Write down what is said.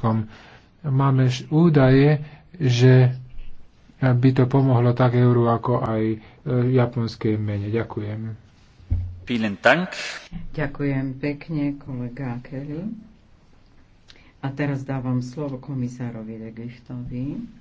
Tureckom. Máme údaje, že by to pomohlo tak euru, ako aj e, japonskej mene. Ďakujem. Ďakujem pekne, kolega Kelly. A teraz dávam slovo komisárovi Regichtovi.